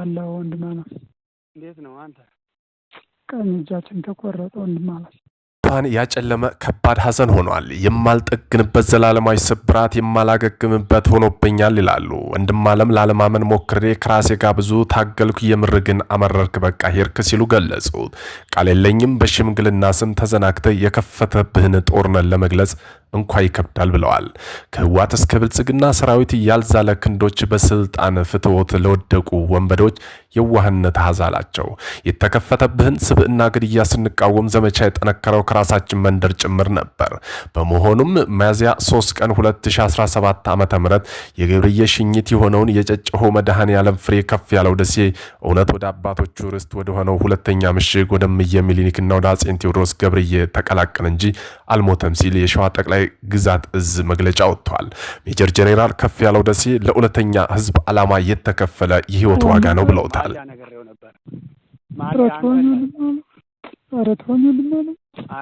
አለው ወንድማማች። እንዴት ነው አንተ? ቀኝ እጃችን ተቆረጠ ወንድማማች። ብርሃን ያጨለመ ከባድ ሐዘን ሆኗል። የማልጠግንበት ዘላለማዊ ስብራት የማላገግምበት ሆኖብኛል ይላሉ ወንድም አለም። ላለማመን ሞክሬ ከራሴ ጋር ብዙ ታገልኩ። የምር ግን አመረርክ፣ በቃ ሄርክ ሲሉ ገለጹት። ቃል የለኝም በሽምግልና ስም ተዘናግተ የከፈተብህን ጦርነት ለመግለጽ እንኳ ይከብዳል ብለዋል። ከህዋት እስከ ብልጽግና ሰራዊት ያልዛለ ክንዶች በስልጣን ፍትወት ለወደቁ ወንበዶች የዋህነት ሀዛላቸው የተከፈተብህን ስብዕና ግድያ ስንቃወም ዘመቻ የጠነከረው ከራ የራሳችን መንደር ጭምር ነበር። በመሆኑም ሚያዝያ 3 ቀን 2017 ዓ ም የገብርዬ ሽኝት የሆነውን የጨጨሆ መድኃኔ ዓለም ፍሬ ከፍ ያለው ደሴ እውነት ወደ አባቶቹ ርስት ወደሆነው ሁለተኛ ምሽግ ወደ እምዬ ሚኒሊክና ወደ አጼ ቴዎድሮስ ገብርዬ ተቀላቀለ እንጂ አልሞተም ሲል የሸዋ ጠቅላይ ግዛት እዝ መግለጫ ወጥቷል። ሜጀር ጄኔራል ከፍ ያለው ደሴ ለሁለተኛ ህዝብ ዓላማ የተከፈለ የህይወት ዋጋ ነው ብለውታል።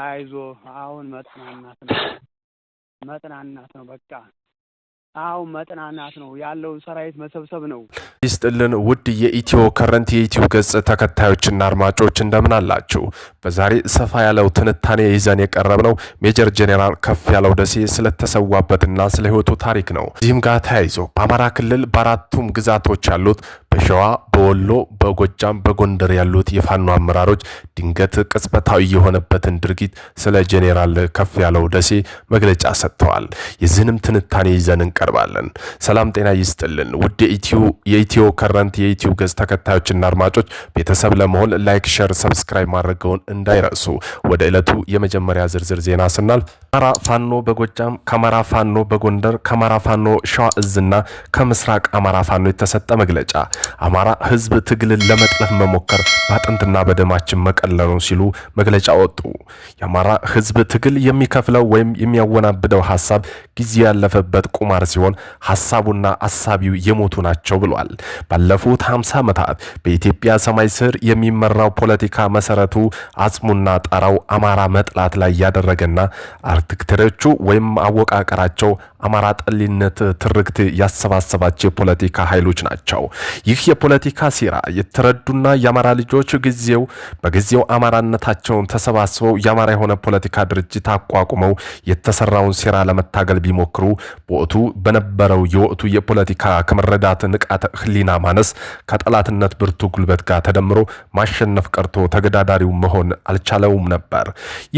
አይዞ አሁን መጥናናት ነው መጥናናት ነው በቃ አሁን መጥናናት ነው ያለውን ሰራዊት መሰብሰብ ነው። ይስጥልን ውድ የኢትዮ ከረንት የኢትዮ ገጽ ተከታዮችና አድማጮች እንደምን አላችሁ? በዛሬ ሰፋ ያለው ትንታኔ ይዘን የቀረብ ነው ሜጀር ጄኔራል ከፍ ያለው ደሴ ስለተሰዋበትና ስለ ሕይወቱ ታሪክ ነው። እዚህም ጋር ተያይዞ በአማራ ክልል በአራቱም ግዛቶች ያሉት በሸዋ፣ በወሎ፣ በጎጃም፣ በጎንደር ያሉት የፋኖ አመራሮች ድንገት ቅጽበታዊ የሆነበትን ድርጊት ስለ ጄኔራል ከፍ ያለው ደሴ መግለጫ ሰጥተዋል። የዚህንም ትንታኔ ይዘን እንቀርባለን። ሰላም ጤና ይስጥልን ውድ የኢትዮ ከረንት የኢትዮ ገጽ ተከታዮችና አድማጮች ቤተሰብ ለመሆን ላይክ፣ ሸር፣ ሰብስክራይብ ማድረገውን እንዳይረሱ። ወደ ዕለቱ የመጀመሪያ ዝርዝር ዜና ስናል አማራ ፋኖ በጎጃም ከአማራ ፋኖ በጎንደር ከአማራ ፋኖ ሸዋ እዝና ከምስራቅ አማራ ፋኖ የተሰጠ መግለጫ አማራ ህዝብ ትግልን ለመጥለፍ መሞከር በአጥንትና በደማችን መቀለ ነው ሲሉ መግለጫ ወጡ። የአማራ ህዝብ ትግል የሚከፍለው ወይም የሚያወናብደው ሀሳብ ጊዜ ያለፈበት ቁማር ሲሆን ሀሳቡና አሳቢው የሞቱ ናቸው ብሏል። ባለፉት 50 ዓመታት በኢትዮጵያ ሰማይ ስር የሚመራው ፖለቲካ መሰረቱ አጽሙና ጣራው አማራ መጥላት ላይ ያደረገና አርክቴክቸሮቹ ወይም አወቃቀራቸው አማራ ጠሊነት ትርክት ያሰባሰባቸው የፖለቲካ ኃይሎች ናቸው። ይህ የፖለቲካ ሴራ የተረዱና የአማራ ልጆች ጊዜው በጊዜው አማራነታቸውን ተሰባስበው የአማራ የሆነ ፖለቲካ ድርጅት አቋቁመው የተሰራውን ሴራ ለመታገል ቢሞክሩ በወቅቱ በነበረው የወቅቱ የፖለቲካ ከመረዳት ንቃተ ህሊና ማነስ ከጠላትነት ብርቱ ጉልበት ጋር ተደምሮ ማሸነፍ ቀርቶ ተገዳዳሪው መሆን አልቻለውም ነበር።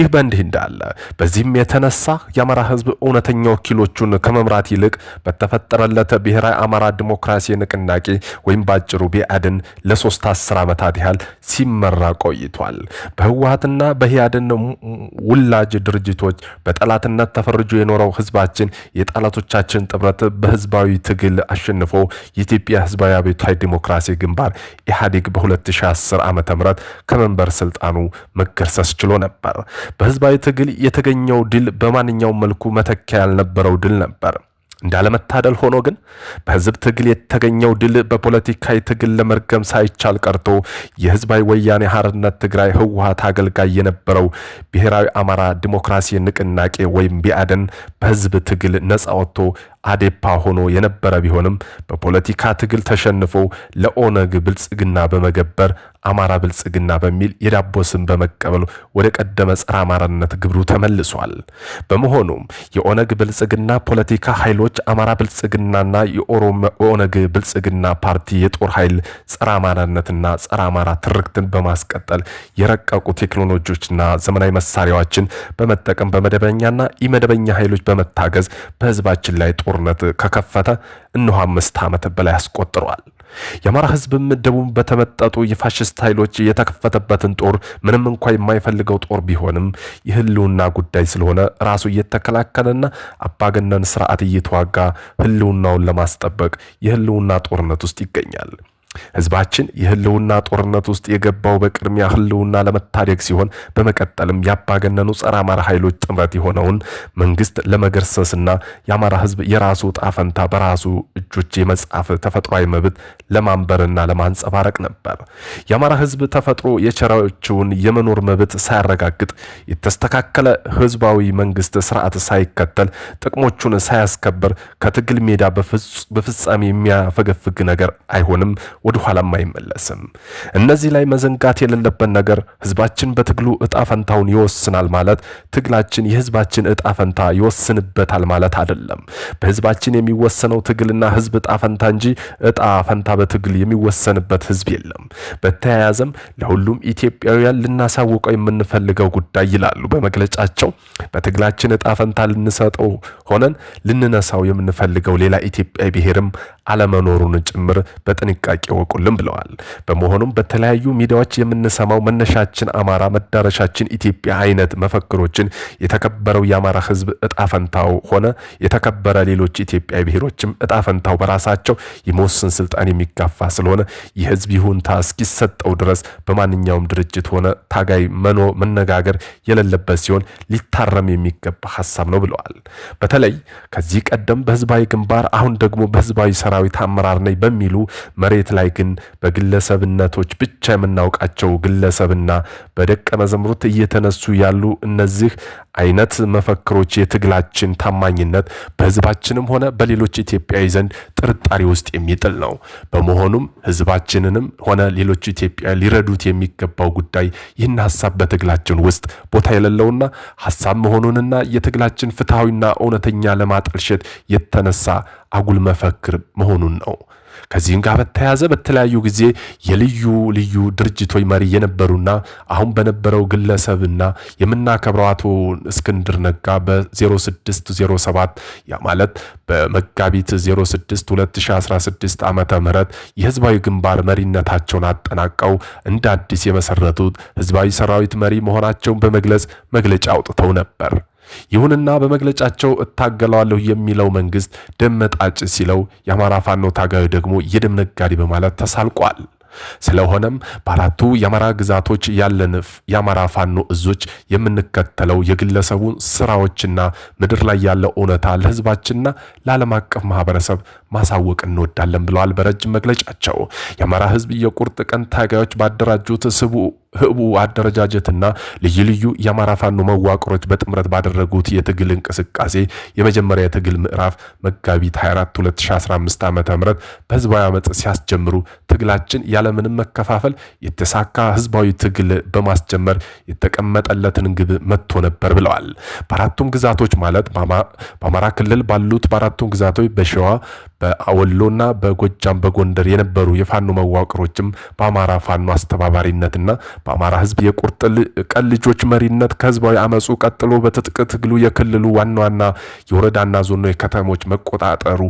ይህ በእንዲህ እንዳለ በዚህም የተነሳ የአማራ ህዝብ እውነተኛ ወኪሎቹን ከመምራት ይልቅ በተፈጠረለት ብሔራዊ አማራ ዲሞክራሲ ንቅናቄ ወይም ወይም ባጭሩ ቢአድን ለሶስት አስር ዓመታት ያህል ሲመራ ቆይቷል። በህወሀትና በህያድን ውላጅ ድርጅቶች በጠላትነት ተፈርጆ የኖረው ህዝባችን የጠላቶቻችን ጥምረት በህዝባዊ ትግል አሸንፎ የኢትዮጵያ ህዝባዊ አብዮታዊ ዲሞክራሲ ግንባር ኢህአዴግ በ2010 ዓ ም ከመንበር ስልጣኑ መገርሰስ ችሎ ነበር። በህዝባዊ ትግል የተገኘው ድል በማንኛውም መልኩ መተኪያ ያልነበረው ድል ነበር። እንዳለመታደል ሆኖ ግን በህዝብ ትግል የተገኘው ድል በፖለቲካዊ ትግል ለመርገም ሳይቻል ቀርቶ የህዝባዊ ወያኔ ሀርነት ትግራይ ህወሀት አገልጋይ የነበረው ብሔራዊ አማራ ዲሞክራሲ ንቅናቄ ወይም ቢአደን በህዝብ ትግል ነጻ ወጥቶ አዴፓ ሆኖ የነበረ ቢሆንም በፖለቲካ ትግል ተሸንፎ ለኦነግ ብልጽግና በመገበር አማራ ብልጽግና በሚል የዳቦ ስም በመቀበል ወደ ቀደመ ጸረ አማራነት ግብሩ ተመልሷል። በመሆኑም የኦነግ ብልጽግና ፖለቲካ ኃይሎች አማራ ብልጽግናና የኦነግ ብልጽግና ፓርቲ የጦር ኃይል ጸረ አማራነትና ጸረ አማራ ትርክትን በማስቀጠል የረቀቁ ቴክኖሎጂዎችና ዘመናዊ መሳሪያዎችን በመጠቀም በመደበኛና ኢመደበኛ ኃይሎች በመታገዝ በህዝባችን ላይ ጦር ጦርነት ከከፈተ እነሆ አምስት ዓመት በላይ አስቆጥሯል። የአማራ ህዝብም ደቡብ በተመጠጡ የፋሽስት ኃይሎች የተከፈተበትን ጦር ምንም እንኳ የማይፈልገው ጦር ቢሆንም የህልውና ጉዳይ ስለሆነ ራሱ እየተከላከለና አባገነን ስርዓት እየተዋጋ ህልውናውን ለማስጠበቅ የህልውና ጦርነት ውስጥ ይገኛል። ህዝባችን የህልውና ጦርነት ውስጥ የገባው በቅድሚያ ህልውና ለመታደግ ሲሆን በመቀጠልም ያባገነኑ ጸረ አማራ ኃይሎች ጥምረት የሆነውን መንግስት ለመገርሰስና የአማራ ህዝብ የራሱ ጣፈንታ በራሱ እጆች የመጻፍ ተፈጥሯዊ መብት ለማንበርና ለማንጸባረቅ ነበር። የአማራ ህዝብ ተፈጥሮ የቸራዎችውን የመኖር መብት ሳያረጋግጥ የተስተካከለ ህዝባዊ መንግስት ስርዓት ሳይከተል ጥቅሞቹን ሳያስከብር ከትግል ሜዳ በፍጻሜ የሚያፈገፍግ ነገር አይሆንም ወደ ኋላም አይመለስም። እነዚህ ላይ መዘንጋት የሌለበት ነገር ህዝባችን በትግሉ እጣ ፈንታውን ይወስናል ማለት ትግላችን የህዝባችን እጣ ፈንታ ይወስንበታል ማለት አይደለም። በህዝባችን የሚወሰነው ትግልና ህዝብ እጣ ፈንታ እንጂ እጣ ፈንታ በትግል የሚወሰንበት ህዝብ የለም። በተያያዘም ለሁሉም ኢትዮጵያውያን ልናሳውቀው የምንፈልገው ጉዳይ ይላሉ በመግለጫቸው በትግላችን እጣ ፈንታ ልንሰጠው ሆነን ልንነሳው የምንፈልገው ሌላ ኢትዮጵያ ብሔርም አለመኖሩን ጭምር በጥንቃቄ ያስታወቁልን ብለዋል። በመሆኑም በተለያዩ ሚዲያዎች የምንሰማው መነሻችን አማራ መዳረሻችን ኢትዮጵያ አይነት መፈክሮችን የተከበረው የአማራ ህዝብ እጣፈንታው ሆነ የተከበረ ሌሎች ኢትዮጵያ ብሔሮችም እጣፈንታው በራሳቸው የመወሰን ስልጣን የሚጋፋ ስለሆነ የህዝብ ይሁንታ እስኪሰጠው ድረስ በማንኛውም ድርጅት ሆነ ታጋይ መኖ መነጋገር የሌለበት ሲሆን ሊታረም የሚገባ ሀሳብ ነው ብለዋል። በተለይ ከዚህ ቀደም በህዝባዊ ግንባር አሁን ደግሞ በህዝባዊ ሰራዊት አመራር ነኝ በሚሉ መሬት ላይ ላይ ግን በግለሰብነቶች ብቻ የምናውቃቸው ግለሰብና በደቀ መዘምሩት እየተነሱ ያሉ እነዚህ አይነት መፈክሮች የትግላችን ታማኝነት በህዝባችንም ሆነ በሌሎች ኢትዮጵያዊ ዘንድ ጥርጣሬ ውስጥ የሚጥል ነው። በመሆኑም ህዝባችንንም ሆነ ሌሎች ኢትዮጵያ ሊረዱት የሚገባው ጉዳይ ይህን ሀሳብ በትግላችን ውስጥ ቦታ የሌለውና ሀሳብ መሆኑንና የትግላችን ፍትሐዊና እውነተኛ ለማጠልሸት የተነሳ አጉል መፈክር መሆኑን ነው። ከዚህም ጋር በተያያዘ በተለያዩ ጊዜ የልዩ ልዩ ድርጅቶች መሪ የነበሩና አሁን በነበረው ግለሰብና የምናከብረው አቶ እስክንድር ነጋ በ0607 ያ ማለት በመጋቢት 06 2016 ዓ ም የህዝባዊ ግንባር መሪነታቸውን አጠናቀው እንደ አዲስ የመሰረቱት ህዝባዊ ሰራዊት መሪ መሆናቸውን በመግለጽ መግለጫ አውጥተው ነበር። ይሁንና በመግለጫቸው እታገለዋለሁ የሚለው መንግስት ደም መጣጭ ሲለው የአማራ ፋኖ ታጋዩ ደግሞ የደም ነጋዴ በማለት ተሳልቋል። ስለሆነም በአራቱ የአማራ ግዛቶች ያለን የአማራ ፋኖ እዞች የምንከተለው የግለሰቡን ስራዎችና ምድር ላይ ያለው እውነታ ለህዝባችንና ለዓለም አቀፍ ማህበረሰብ ማሳወቅ እንወዳለን ብለዋል። በረጅም መግለጫቸው የአማራ ህዝብ የቁርጥ ቀን ታጋዮች ባደራጁት ስቡ ህቡ አደረጃጀትና ልዩ ልዩ የአማራ ፋኖ መዋቅሮች በጥምረት ባደረጉት የትግል እንቅስቃሴ የመጀመሪያ የትግል ምዕራፍ መጋቢት 24 2015 ዓ ም በህዝባዊ አመፅ ሲያስጀምሩ ትግላችን ያለምንም መከፋፈል የተሳካ ህዝባዊ ትግል በማስጀመር የተቀመጠለትን ግብ መጥቶ ነበር ብለዋል። በአራቱም ግዛቶች ማለት በአማራ ክልል ባሉት በአራቱም ግዛቶች በሸዋ በወሎና በጎጃም በጎንደር የነበሩ የፋኖ መዋቅሮችም በአማራ ፋኖ አስተባባሪነትና በአማራ ህዝብ የቁርጥ ቀን ልጆች መሪነት ከህዝባዊ አመፁ ቀጥሎ በትጥቅ ትግሉ የክልሉ ዋና ዋና የወረዳና ዞኖ ከተሞች መቆጣጠሩ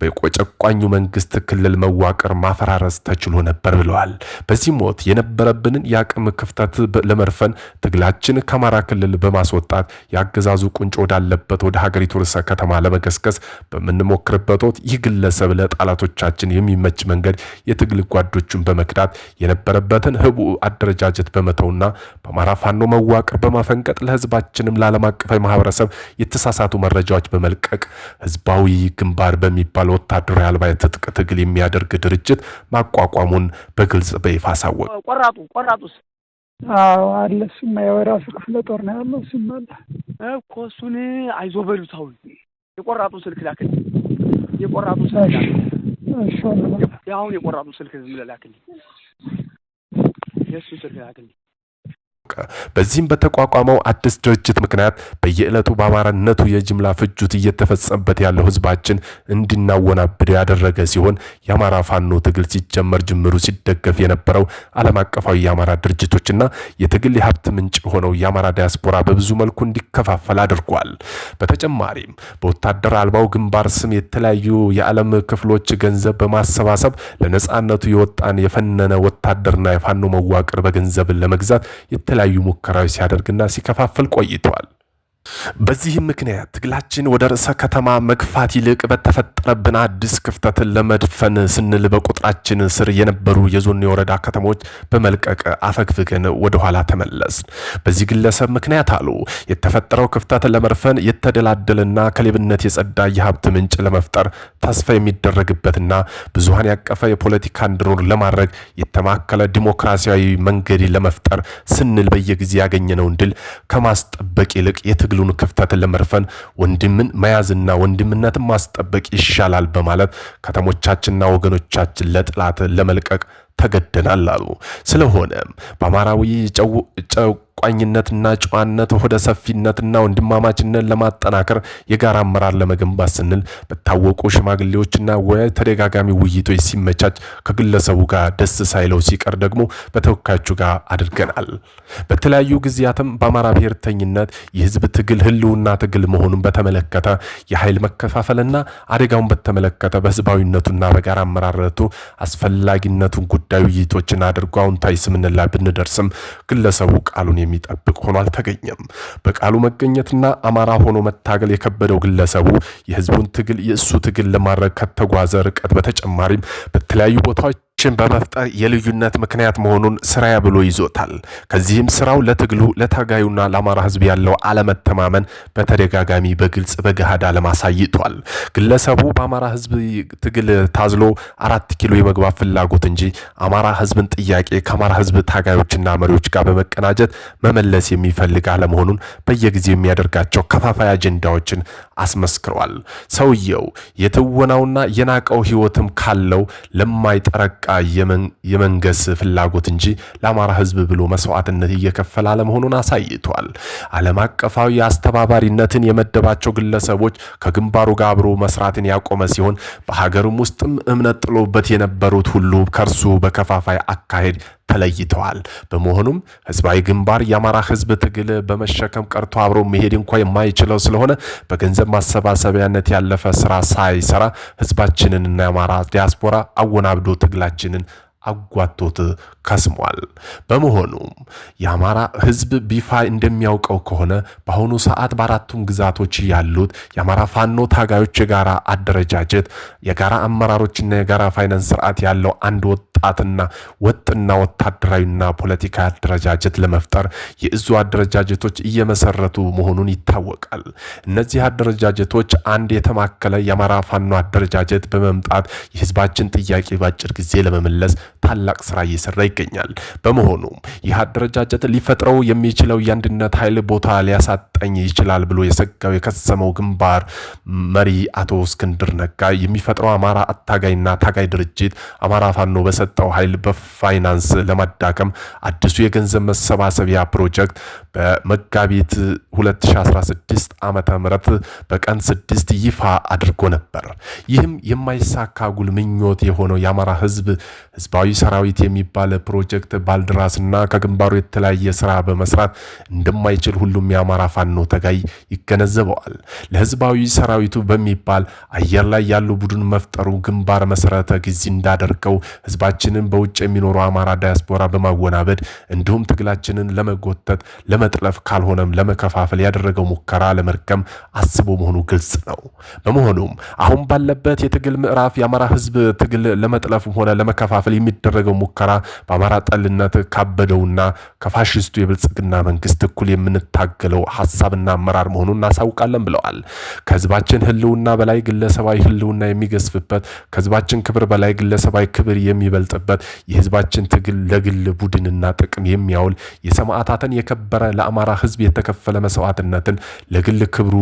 በቆጨቋኙ መንግስት ክልል መዋቅር ማፈራረስ ተችሎ ነበር ብለዋል። በዚህም ወት የነበረብንን የአቅም ክፍተት ለመድፈን ትግላችን ከአማራ ክልል በማስወጣት የአገዛዙ ቁንጮ ወዳለበት ወደ ሀገሪቱ ርዕሰ ከተማ ለመገስገስ በምንሞክርበት ወቅት ይህ ግለሰብ ለጠላቶቻችን የሚመች መንገድ የትግል ጓዶቹን በመክዳት የነበረበትን ህቡ አደረጃ መደራጀት በመተውና በአማራ ፋኖ መዋቅር በማፈንቀጥ ለህዝባችንም ለዓለም አቀፋዊ ማህበረሰብ የተሳሳቱ መረጃዎች በመልቀቅ ህዝባዊ ግንባር በሚባል ወታደራዊ አልባ የትጥቅ ትግል የሚያደርግ ድርጅት ማቋቋሙን በግልጽ በይፋ አሳወቀ። ቆራጡ ቆራጡስ አለ ስማ፣ የራሱ ክፍለ ጦር ነው ያለው ስማ እኮ እሱን አይዞ በሉት። አሁን የቆራጡ ስልክ ላክል የቆራጡ ስልክ ላክል አሁን የቆራጡ ስልክ ዝም ብለህ ላክል የእሱ ስልክ ላክልኝ በዚህም በተቋቋመው አዲስ ድርጅት ምክንያት በየዕለቱ በአማራነቱ የጅምላ ፍጁት እየተፈጸመበት ያለው ህዝባችን እንዲናወናብድ ያደረገ ሲሆን የአማራ ፋኖ ትግል ሲጀመር ጅምሩ ሲደገፍ የነበረው ዓለም አቀፋዊ የአማራ ድርጅቶችና የትግል የሀብት ምንጭ ሆነው የአማራ ዲያስፖራ በብዙ መልኩ እንዲከፋፈል አድርጓል። በተጨማሪም በወታደር አልባው ግንባር ስም የተለያዩ የዓለም ክፍሎች ገንዘብ በማሰባሰብ ለነፃነቱ የወጣን የፈነነ ወታደርና የፋኖ መዋቅር በገንዘብ ለመግዛት የተለያዩ ሙከራዎች ሲያደርግና ሲከፋፍል ቆይቷል በዚህም ምክንያት ትግላችን ወደ ርዕሰ ከተማ መግፋት ይልቅ በተፈጠረብን አዲስ ክፍተትን ለመድፈን ስንል በቁጥራችን ስር የነበሩ የዞን የወረዳ ከተሞች በመልቀቅ አፈግፍገን ወደኋላ ተመለስ በዚህ ግለሰብ ምክንያት አሉ የተፈጠረው ክፍተት ለመድፈን የተደላደልና ከሌብነት የጸዳ የሀብት ምንጭ ለመፍጠር ተስፋ የሚደረግበትና ብዙሀን ያቀፈ የፖለቲካ እንድኖር ለማድረግ የተማከለ ዲሞክራሲያዊ መንገድ ለመፍጠር ስንል በየጊዜ ያገኘነውን ድል ከማስጠበቅ ይልቅ የትግ የትግሉን ክፍተት ለመድፈን ወንድምን መያዝና ወንድምነትን ማስጠበቅ ይሻላል በማለት ከተሞቻችንና ወገኖቻችን ለጥላት ለመልቀቅ ተገደናል አሉ። ስለሆነ በአማራዊ ጨቋኝነትና ጨዋነት ወደ ሰፊነትና ወንድማማችነት ለማጠናከር የጋራ አመራር ለመገንባት ስንል በታወቁ ሽማግሌዎችና ተደጋጋሚ ውይይቶች ሲመቻች ከግለሰቡ ጋር ደስ ሳይለው ሲቀር ደግሞ በተወካዮቹ ጋር አድርገናል። በተለያዩ ጊዜያትም በአማራ ብሔርተኝነት የህዝብ ትግል ህልውና ትግል መሆኑን በተመለከተ የኃይል መከፋፈልና አደጋውን በተመለከተ በህዝባዊነቱና በጋራ አመራረቱ አስፈላጊነቱን ጉዳይ ጉዳዩ ውይይቶችን አድርጎ አዎንታዊ ስምምነት ላይ ብንደርስም ግለሰቡ ቃሉን የሚጠብቅ ሆኖ አልተገኘም። በቃሉ መገኘትና አማራ ሆኖ መታገል የከበደው ግለሰቡ የህዝቡን ትግል የእሱ ትግል ለማድረግ ከተጓዘ ርቀት በተጨማሪም በተለያዩ ቦታዎች ችግሮችን በመፍጠር የልዩነት ምክንያት መሆኑን ስራያ ብሎ ይዞታል። ከዚህም ስራው ለትግሉ ለታጋዩና ለአማራ ህዝብ ያለው አለመተማመን በተደጋጋሚ በግልጽ በገሃድ ዓለም አሳይቷል። ግለሰቡ በአማራ ህዝብ ትግል ታዝሎ አራት ኪሎ የመግባት ፍላጎት እንጂ አማራ ህዝብን ጥያቄ ከአማራ ህዝብ ታጋዮችና መሪዎች ጋር በመቀናጀት መመለስ የሚፈልግ አለመሆኑን በየጊዜው የሚያደርጋቸው ከፋፋይ አጀንዳዎችን አስመስክሯል። ሰውየው የትወናውና የናቀው ህይወትም ካለው ለማይጠረቃ የመንገስ ፍላጎት እንጂ ለአማራ ህዝብ ብሎ መስዋዕትነት እየከፈለ አለመሆኑን አሳይቷል። ዓለም አቀፋዊ አስተባባሪነትን የመደባቸው ግለሰቦች ከግንባሩ ጋር አብሮ መስራትን ያቆመ ሲሆን በሀገርም ውስጥም እምነት ጥሎበት የነበሩት ሁሉ ከእርሱ በከፋፋይ አካሄድ ተለይተዋል። በመሆኑም ህዝባዊ ግንባር የአማራ ህዝብ ትግል በመሸከም ቀርቶ አብሮ መሄድ እንኳ የማይችለው ስለሆነ በገንዘብ ማሰባሰቢያነት ያለፈ ስራ ሳይሰራ ህዝባችንንና የአማራ ዲያስፖራ አወናብዶ ትግላችንን አጓቶት ከስሟል። በመሆኑም የአማራ ህዝብ ቢፋ እንደሚያውቀው ከሆነ በአሁኑ ሰዓት በአራቱም ግዛቶች ያሉት የአማራ ፋኖ ታጋዮች የጋራ አደረጃጀት፣ የጋራ አመራሮችና የጋራ ፋይናንስ ስርዓት ያለው አንድ ወጣትና ወጥና ወታደራዊና ፖለቲካ አደረጃጀት ለመፍጠር የእዙ አደረጃጀቶች እየመሰረቱ መሆኑን ይታወቃል። እነዚህ አደረጃጀቶች አንድ የተማከለ የአማራ ፋኖ አደረጃጀት በመምጣት የህዝባችን ጥያቄ በአጭር ጊዜ ለመመለስ ታላቅ ስራ እየሰራ ይገኛል። በመሆኑም ይህ አደረጃጀት ሊፈጥረው የሚችለው የአንድነት ኃይል ቦታ ሊያሳጣ ሊያሰጠኝ ይችላል ብሎ የሰጋው የከሰመው ግንባር መሪ አቶ እስክንድር ነጋ የሚፈጥረው አማራ አታጋይና ታጋይ ድርጅት አማራ ፋኖ በሰጠው ኃይል በፋይናንስ ለማዳከም አዲሱ የገንዘብ መሰባሰቢያ ፕሮጀክት በመጋቢት 2016 ዓ ም በቀን ስድስት ይፋ አድርጎ ነበር። ይህም የማይሳካ ጉል ምኞት የሆነው የአማራ ህዝብ ህዝባዊ ሰራዊት የሚባል ፕሮጀክት ባልድራስና ከግንባሩ የተለያየ ስራ በመስራት እንደማይችል ሁሉም የአማራ ፋኖ የፋኖ ተጋይ ይገነዘበዋል። ለህዝባዊ ሰራዊቱ በሚባል አየር ላይ ያሉ ቡድን መፍጠሩ ግንባር መሰረተ ጊዜ እንዳደርገው ህዝባችንን በውጭ የሚኖሩ አማራ ዳያስፖራ በማወናበድ እንዲሁም ትግላችንን ለመጎተት ለመጥለፍ ካልሆነም ለመከፋፈል ያደረገው ሙከራ ለመርከም አስቦ መሆኑ ግልጽ ነው። በመሆኑም አሁን ባለበት የትግል ምዕራፍ የአማራ ህዝብ ትግል ለመጥለፍ ሆነ ለመከፋፈል የሚደረገው ሙከራ በአማራ ጠልነት ካበደውና ከፋሽስቱ የብልጽግና መንግስት እኩል የምንታገለው ሀሳብና አመራር መሆኑን እናሳውቃለን ብለዋል። ከህዝባችን ህልውና በላይ ግለሰባዊ ህልውና የሚገዝፍበት፣ ከህዝባችን ክብር በላይ ግለሰባዊ ክብር የሚበልጥበት፣ የህዝባችን ትግል ለግል ቡድንና ጥቅም የሚያውል የሰማዕታትን የከበረ ለአማራ ህዝብ የተከፈለ መስዋዕትነትን ለግል ክብሩ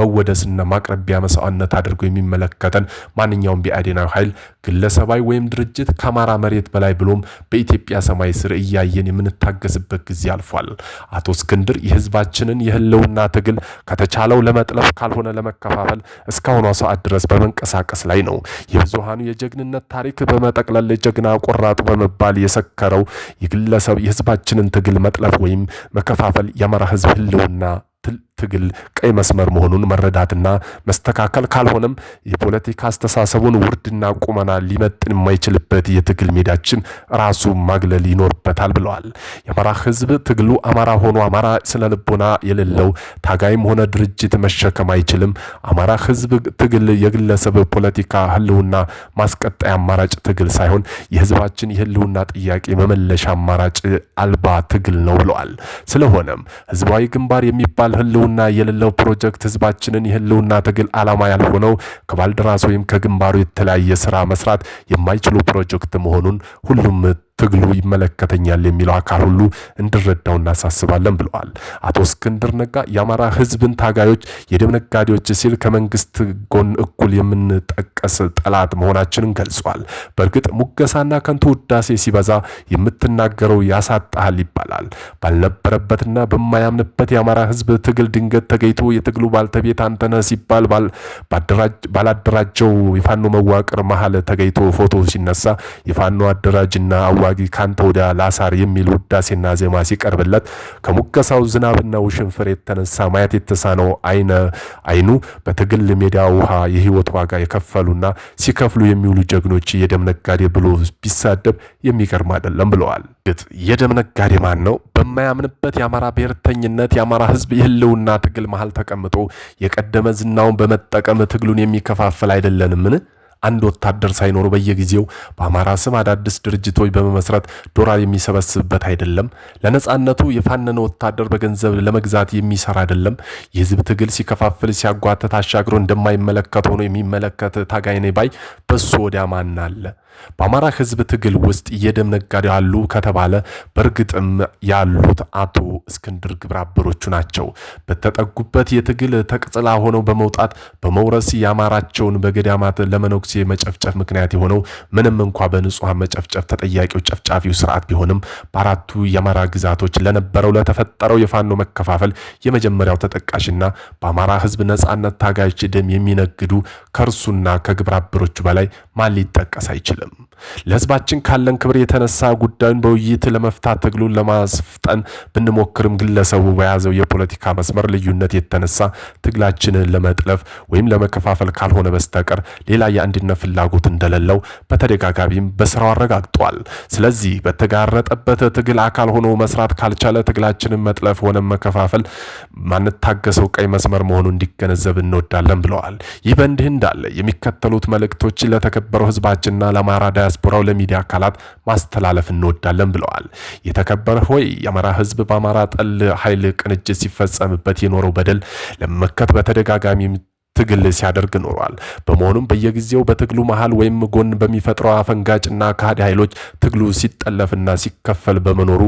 መወደስና ማቅረቢያ መስዋዕትነት አድርጎ የሚመለከተን ማንኛውም ቢአዴናዊ ኃይል ግለሰባዊ ወይም ድርጅት ከአማራ መሬት በላይ ብሎም በኢትዮጵያ ሰማይ ስር እያየን የምንታገስበት ጊዜ አልፏል። አቶ እስክንድር የህዝባችንን የህልውና ትግል ከተቻለው ለመጥለፍ ካልሆነ ለመከፋፈል እስካሁኗ ሰዓት ድረስ በመንቀሳቀስ ላይ ነው። የብዙሃኑ የጀግንነት ታሪክ በመጠቅለል ጀግና ቆራጡ በመባል የሰከረው የግለሰብ የህዝባችንን ትግል መጥለፍ ወይም መከፋፈል የአማራ ህዝብ ህልውና ትግል ቀይ መስመር መሆኑን መረዳትና መስተካከል ካልሆነም የፖለቲካ አስተሳሰቡን ውርድና ቁመና ሊመጥን የማይችልበት የትግል ሜዳችን ራሱ ማግለል ይኖርበታል ብለዋል። የአማራ ሕዝብ ትግሉ አማራ ሆኖ አማራ ስነ ልቦና የሌለው ታጋይም ሆነ ድርጅት መሸከም አይችልም። አማራ ሕዝብ ትግል የግለሰብ ፖለቲካ ህልውና ማስቀጣይ አማራጭ ትግል ሳይሆን የህዝባችን የህልውና ጥያቄ መመለሻ አማራጭ አልባ ትግል ነው ብለዋል። ስለሆነም ህዝባዊ ግንባር የሚባል የቃል ህልውና የሌለው ፕሮጀክት ህዝባችንን የህልውና ትግል አላማ ያልሆነው ከባልደራስ ወይም ከግንባሩ የተለያየ ስራ መስራት የማይችሉ ፕሮጀክት መሆኑን ሁሉም ትግሉ ይመለከተኛል የሚለው አካል ሁሉ እንድረዳው እናሳስባለን ብለዋል። አቶ እስክንድር ነጋ የአማራ ህዝብን ታጋዮች የደም ነጋዴዎች ሲል ከመንግስት ጎን እኩል የምንጠቀስ ጠላት መሆናችንን ገልጿል። በእርግጥ ሙገሳና ከንቱ ውዳሴ ሲበዛ የምትናገረው ያሳጣሃል ይባላል። ባልነበረበትና በማያምንበት የአማራ ህዝብ ትግል ድንገት ተገኝቶ የትግሉ ባልተቤት አንተነህ ሲባል ባላደራጀው የፋኖ መዋቅር መሀል ተገኝቶ ፎቶ ሲነሳ የፋኖ አደራጅና ተዋጊ ካንተ ወዲያ ላሳር የሚል ውዳሴና ዜማ ሲቀርብለት ከሙከሳው ዝናብና ውሽንፍር የተነሳ ማየት የተሳነው አይነ አይኑ በትግል ሜዳ ውሃ የህይወት ዋጋ የከፈሉና ሲከፍሉ የሚውሉ ጀግኖች የደም ነጋዴ ብሎ ቢሳደብ የሚገርም አይደለም ብለዋል። ግጥ የደም ነጋዴ ማን ነው? በማያምንበት የአማራ ብሔርተኝነት የአማራ ህዝብ የህልውና ትግል መሀል ተቀምጦ የቀደመ ዝናውን በመጠቀም ትግሉን የሚከፋፈል አይደለንምን? አንድ ወታደር ሳይኖሩ በየጊዜው በአማራ ስም አዳዲስ ድርጅቶች በመመስረት ዶላር የሚሰበስብበት አይደለም። ለነጻነቱ የፋነነ ወታደር በገንዘብ ለመግዛት የሚሰራ አይደለም። የህዝብ ትግል ሲከፋፍል ሲያጓተት አሻግሮ እንደማይመለከት ሆኖ የሚመለከት ታጋይ ነኝ ባይ በሱ ወዲያ ማን አለ? በአማራ ህዝብ ትግል ውስጥ የደም ነጋዴ አሉ ከተባለ በእርግጥም ያሉት አቶ እስክንድር ግብረአበሮቹ ናቸው። በተጠጉበት የትግል ተቅጽላ ሆነው በመውጣት በመውረስ የአማራቸውን በገዳማት ለመነኩሴ መጨፍጨፍ ምክንያት የሆነው ምንም እንኳ በንጹሐን መጨፍጨፍ ተጠያቂው ጨፍጫፊው ስርዓት ቢሆንም በአራቱ የአማራ ግዛቶች ለነበረው ለተፈጠረው የፋኖ መከፋፈል የመጀመሪያው ተጠቃሽና በአማራ ህዝብ ነጻነት ታጋዮች ደም የሚነግዱ ከእርሱና ከግብረአበሮቹ በላይ ማን ሊጠቀስ አይችልም። አይደለም። ለህዝባችን ካለን ክብር የተነሳ ጉዳዩን በውይይት ለመፍታት ትግሉን ለማስፍጠን ብንሞክርም ግለሰቡ በያዘው የፖለቲካ መስመር ልዩነት የተነሳ ትግላችንን ለመጥለፍ ወይም ለመከፋፈል ካልሆነ በስተቀር ሌላ የአንድነት ፍላጎት እንደሌለው በተደጋጋሚም በስራው አረጋግጧል። ስለዚህ በተጋረጠበት ትግል አካል ሆኖ መስራት ካልቻለ ትግላችንን መጥለፍ ሆነ መከፋፈል ማንታገሰው ቀይ መስመር መሆኑ እንዲገነዘብ እንወዳለን ብለዋል። ይህ በእንዲህ እንዳለ የሚከተሉት መልእክቶች ለተከበረው ህዝባችንና ለማ የአማራ ዲያስፖራው ለሚዲያ አካላት ማስተላለፍ እንወዳለን ብለዋል። የተከበረ ሆይ የአማራ ህዝብ በአማራ ጠል ኃይል ቅንጅት ሲፈጸምበት የኖረው በደል ለመመከት በተደጋጋሚ ትግል ሲያደርግ ኖሯል። በመሆኑም በየጊዜው በትግሉ መሃል ወይም ጎን በሚፈጥረው አፈንጋጭና ካህዲ ኃይሎች ትግሉ ሲጠለፍና ሲከፈል በመኖሩ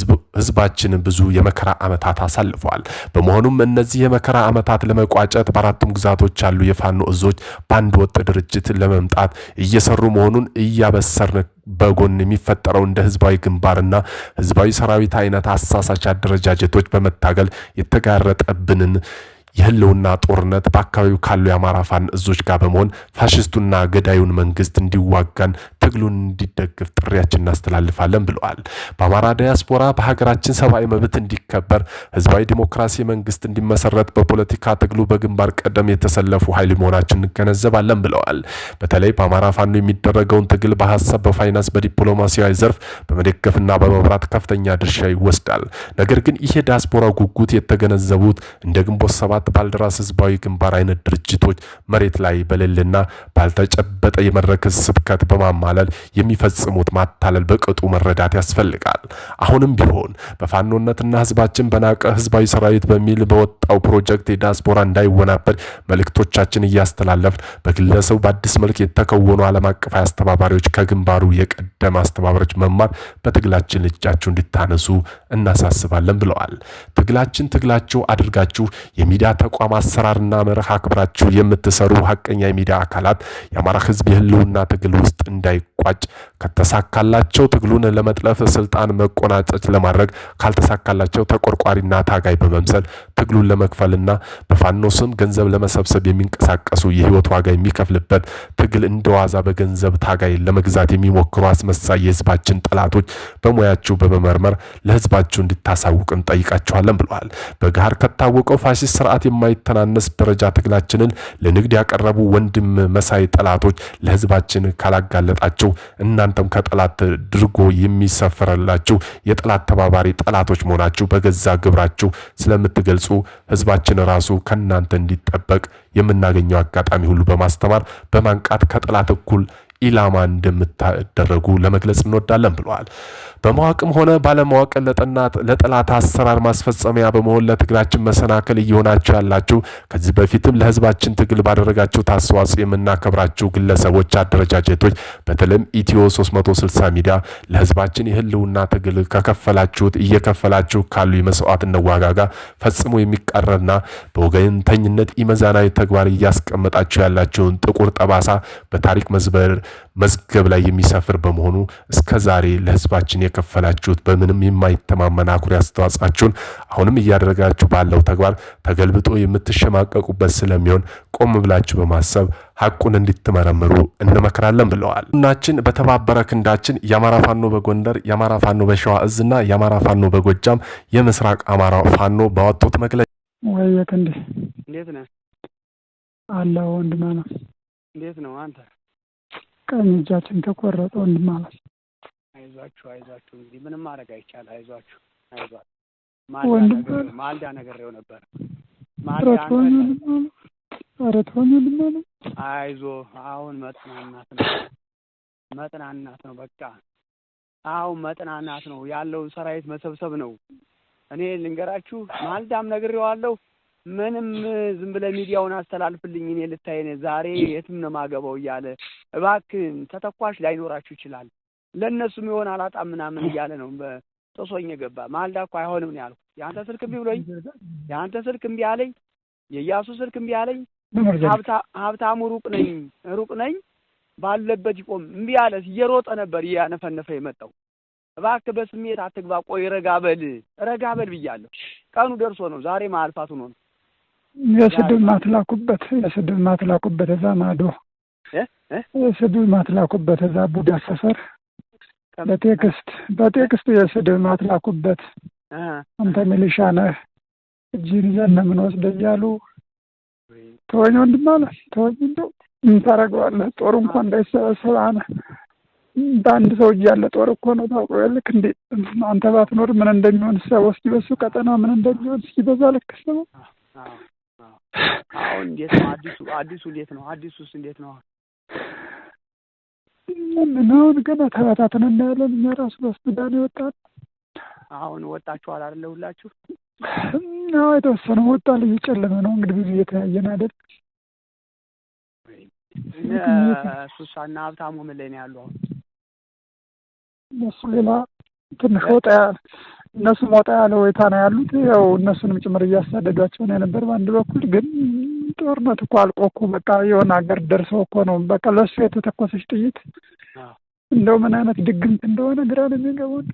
ህዝባችን ብዙ የመከራ ዓመታት አሳልፏል። በመሆኑም እነዚህ የመከራ ዓመታት ለመቋጨት በአራቱም ግዛቶች ያሉ የፋኖ እዞች በአንድ ወጥ ድርጅት ለመምጣት እየሰሩ መሆኑን እያበሰርን በጎን የሚፈጠረው እንደ ህዝባዊ ግንባርና ህዝባዊ ሰራዊት አይነት አሳሳች አደረጃጀቶች በመታገል የተጋረጠብንን የህልውና ጦርነት በአካባቢው ካሉ የአማራ ፋን እዞች ጋር በመሆን ፋሽስቱና ገዳዩን መንግስት እንዲዋጋን ትግሉን እንዲደግፍ ጥሪያችን እናስተላልፋለን ብለዋል። በአማራ ዲያስፖራ በሀገራችን ሰብአዊ መብት እንዲከበር፣ ህዝባዊ ዲሞክራሲ መንግስት እንዲመሰረት በፖለቲካ ትግሉ በግንባር ቀደም የተሰለፉ ኃይል መሆናችን እንገነዘባለን ብለዋል። በተለይ በአማራ ፋኖ የሚደረገውን ትግል በሀሳብ በፋይናንስ፣ በዲፕሎማሲያዊ ዘርፍ በመደገፍና በመብራት ከፍተኛ ድርሻ ይወስዳል። ነገር ግን ይሄ ዲያስፖራ ጉጉት የተገነዘቡት እንደ ግንቦት ሰባት ባልደራስ ህዝባዊ ግንባር አይነት ድርጅቶች መሬት ላይ በሌልና ባልተጨበጠ የመድረክ ስብከት በማማ በማማለል የሚፈጽሙት ማታለል በቅጡ መረዳት ያስፈልጋል። አሁንም ቢሆን በፋኖነትና ህዝባችን በናቀ ህዝባዊ ሰራዊት በሚል በወጣው ፕሮጀክት የዲያስፖራ እንዳይወናበድ መልእክቶቻችን እያስተላለፍን በግለሰቡ በአዲስ መልክ የተከወኑ ዓለም አቀፍ አስተባባሪዎች ከግንባሩ የቀደመ አስተባባሪዎች መማር በትግላችን እጃችሁ እንድታነሱ እናሳስባለን ብለዋል። ትግላችን ትግላችሁ አድርጋችሁ የሚዲያ ተቋም አሰራርና መርህ አክብራችሁ የምትሰሩ ሀቀኛ የሚዲያ አካላት የአማራ ህዝብ የህልውና ትግል ውስጥ እንዳይ ሳይቋጭ ከተሳካላቸው ትግሉን ለመጥለፍ ስልጣን መቆናጠጥ ለማድረግ ካልተሳካላቸው ተቆርቋሪና ታጋይ በመምሰል ትግሉን ለመክፈልና በፋኖ ስም ገንዘብ ለመሰብሰብ የሚንቀሳቀሱ የህይወት ዋጋ የሚከፍልበት ትግል እንደዋዛ በገንዘብ ታጋይ ለመግዛት የሚሞክሩ አስመሳይ የህዝባችን ጠላቶች በሙያችሁ በመመርመር ለህዝባችሁ እንድታሳውቅ እንጠይቃችኋለን ብለዋል። በጋር ከታወቀው ፋሽስት ስርዓት የማይተናነስ ደረጃ ትግላችንን ለንግድ ያቀረቡ ወንድም መሳይ ጠላቶች ለህዝባችን ካላጋለጣቸው ናቸው። እናንተም ከጠላት ድርጎ የሚሰፈረላችሁ የጠላት ተባባሪ ጠላቶች መሆናችሁ በገዛ ግብራችሁ ስለምትገልጹ ህዝባችን ራሱ ከእናንተ እንዲጠበቅ የምናገኘው አጋጣሚ ሁሉ በማስተማር በማንቃት ከጠላት እኩል ኢላማ እንደምታደረጉ ለመግለጽ እንወዳለን ብለዋል። በማወቅም ሆነ ባለማወቅ ለጠላት አሰራር ማስፈጸሚያ በመሆን ለትግላችን መሰናክል እየሆናችሁ ያላችሁ ከዚህ በፊትም ለህዝባችን ትግል ባደረጋችሁ አስተዋጽኦ የምናከብራችሁ ግለሰቦች፣ አደረጃጀቶች በተለይም ኢትዮ 360 ሚዲያ ለህዝባችን የህልውና ትግል ከከፈላችሁት እየከፈላችሁ ካሉ የመስዋዕትነት ዋጋ ጋር ፈጽሞ የሚቃረንና በወገንተኝነት ኢመዛናዊ ተግባር እያስቀመጣችሁ ያላችሁን ጥቁር ጠባሳ በታሪክ መዝበር መዝገብ ላይ የሚሰፍር በመሆኑ እስከ ዛሬ ለህዝባችን የከፈላችሁት በምንም የማይተማመን አኩሪ አስተዋጽኦአችሁን አሁንም እያደረጋችሁ ባለው ተግባር ተገልብጦ የምትሸማቀቁበት ስለሚሆን ቆም ብላችሁ በማሰብ ሐቁን እንድትመረምሩ እንመክራለን ብለዋል። ሁናችን በተባበረ ክንዳችን የአማራ ፋኖ በጎንደር፣ የአማራ ፋኖ በሸዋ እዝና የአማራ ፋኖ በጎጃም የምስራቅ አማራ ፋኖ ባወጡት መግለጫ ወየት እንዴት ነህ አለ ወንድማ ነው። እንዴት ነው አንተ? ቀኝ እጃችን ተቆረጠ ወንድም ማለት አይዟችሁ አይዟችሁ፣ እንግዲህ ምንም ማድረግ አይቻል። አይዟችሁ አይዟችሁ። ማልዳ ነግሬው ነበር። ረት ሆኝ ልማለ አይዞ፣ አሁን መጥናናት ነው መጥናናት ነው። በቃ አሁን መጥናናት ነው ያለውን ሰራዊት መሰብሰብ ነው። እኔ ልንገራችሁ፣ ማልዳም ነግሬዋለሁ ምንም ዝም ብለህ ሚዲያውን አስተላልፍልኝ እኔ ልታይን ዛሬ የትም ነው ማገባው እያለ እባክህን ተተኳሽ ላይኖራችሁ ይችላል ለእነሱም የሆነ አላጣም ምናምን እያለ ነው ጥሶኝ የገባ ማልዳ እኮ አይሆንም ነው ያልኩት። የአንተ ስልክ እምቢ ብሎኝ የአንተ ስልክ እምቢ አለኝ፣ የእያሱ ስልክ እምቢ አለኝ። ሀብታሙ ሩቅ ነኝ ሩቅ ነኝ ባለበት ይቆም እምቢ አለ። እየሮጠ ነበር እያነፈነፈ የመጣው። እባክህ በስሜት አትግባ፣ ቆይ ረጋበል ረጋበል ብያለሁ። ቀኑ ደርሶ ነው ዛሬ ማልፋት ሆኖ ነው የስድብ ማትላኩበት የስድብ ማትላኩበት እዛ ማዶ የስድብ ማትላኩበት እዛ ቡዳ ሰፈር በቴክስት በቴክስት የስድብ ማትላኩበት አንተ ሚሊሻ ነህ እጅን ይዘን ነው የምንወስድ እያሉ ተወኝ ወንድም አለ ተወኝ እንደው እንታረገዋለህ ጦር እንኳን እንዳይሰበሰብ አነ በአንድ ሰው እያለ ጦር እኮ ነው ታውቆ ልክ እንዴ አንተ ባትኖር ምን እንደሚሆን ሰው በሱ ቀጠና ምን እንደሚሆን እስኪበዛ ልክ ሰው አሁን እንዴት ነው አዲሱ አዲሱ እንዴት ነው አዲሱስ እንዴት ነው? ምን አሁን ገና ተበታተን እናያለን። እኛ ራሱ በስዳን ይወጣል። አሁን ወጣችኋል አይደለ? ሁላችሁ የተወሰነ ወጣል። እየጨለመ ነው እንግዲህ ብዙ እየተያየን አይደል? ሱሳና ሀብታሙ ምን ላይ ነው ያሉ? አሁን እሱ ሌላ ትንሽ ወጣ እነሱ መውጣ ያለ ወይታ ነው ያሉት። ያው እነሱንም ጭምር እያሳደዷቸው ነው የነበር። በአንድ በኩል ግን ጦርነት እኮ አልቆ እኮ በቃ የሆነ ሀገር ደርሰው እኮ ነው በቃ ለሱ የተተኮሰች ጥይት እንደው ምን አይነት ድግምት እንደሆነ ግራ ነው የሚገቡን።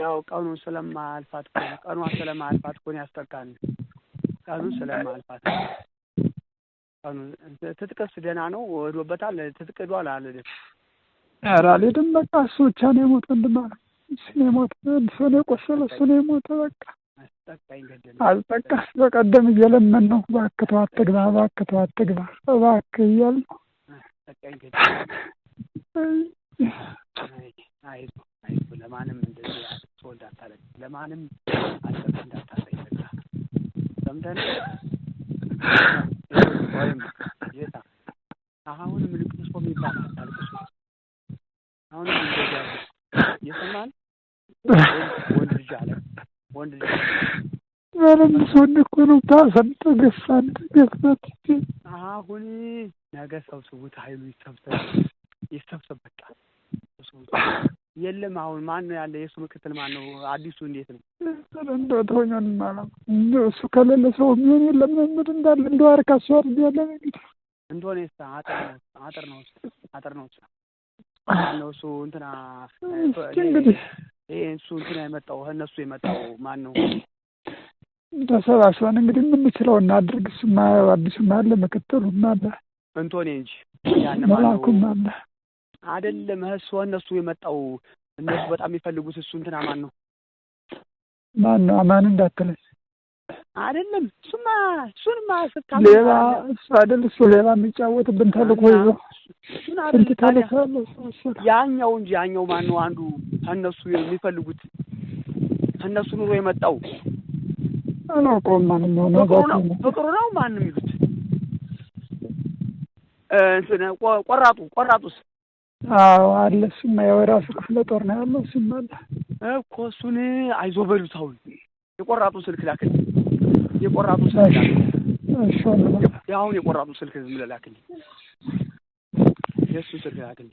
ያው ቀኑ ስለማልፋት ቀኗ ስለማልፋት ኮን ያስጠቃል። ቀኑ ስለማልፋት ቀኑ ትጥቅስ ደህና ነው ወዶበታል። ትጥቅ ዷል አልልም ኧረ አልሄድም። በቃ እሱ ብቻ ነው የሞት ወንድማ ነው እሱን የሞተ እሱን የቆሰለ እሱን የሞተ በቃ አልጠቃ በቀደም እየለመን ነው እባክህ ተው አትግባ፣ እባክህ ተው አትግባ፣ እባክህ እያል ነው። ለማንም እንደዚህ እንዳታለቅ፣ ለማንም አሰብ እንዳታሳይ በቃ ሰምተን አሁንም ልቅሶ የሚባል አታልቅ ወንድ ልጅ አለ። ወንድ ልጅ ወንድ እኮ ነው። አሁን ነገ ሰብስቡት፣ ይሰብሰብ ይሰብሰብ። በቃ የለም አሁን ማን ነው ያለ? የእሱ ምክትል ማን ነው? አዲሱ እንዴት ነው? እንደው ተወኛን ማለት እሱ ከሌለ ሰው የሚሆን የለም። ምድ እንዳለ እንደ አርካ ሰው አርግ ያለ እንደሆነ ስ አጥር ነው አጥር ነው አጥር ነው እሱ እንትና እንግዲህ ይሄ እሱ እንትን የመጣው እነሱ የመጣው ማን ነው? ተሰባስበን እንግዲህ የምንችለው እናድርግ። እሱማ አዲሱም አለ ምክትሉም አለ እንቶኔ እንጂ መላኩም አለ አይደለም። እሱ እነሱ የመጣው እነሱ በጣም የሚፈልጉት እሱ እንትና ማን ነው። ማን ነው አማን እንዳትለኝ አይደለም እሱማ እሱንማ ስታ ሌላ እሱ አይደል እሱ ሌላ የሚጫወትብን ተልእኮ ይዞ ስንት ተልእኮ ያለው ያኛው እንጂ ያኛው ማን ነው አንዱ ከእነሱ የሚፈልጉት ከእነሱ ኑሮ የመጣው አላውቀውም። ማንም ሆነ ፍቅሩ ነው ማንም ይሉት እንትን ቆራጡ ቆራጡስ አዎ አለ እሱማ የወራሱ ክፍለ ጦር ነው ያለው እሱማ አለ እኮ እሱን አይዞህ በሉት አሁን የቆራጡ ስልክ ላክልኝ። የቆራጡ ስልክ ላክልኝ። አሁን የቆራጡ ስልክ ዝም ብለህ ላክልኝ። የእሱ ስልክ ላክልኝ።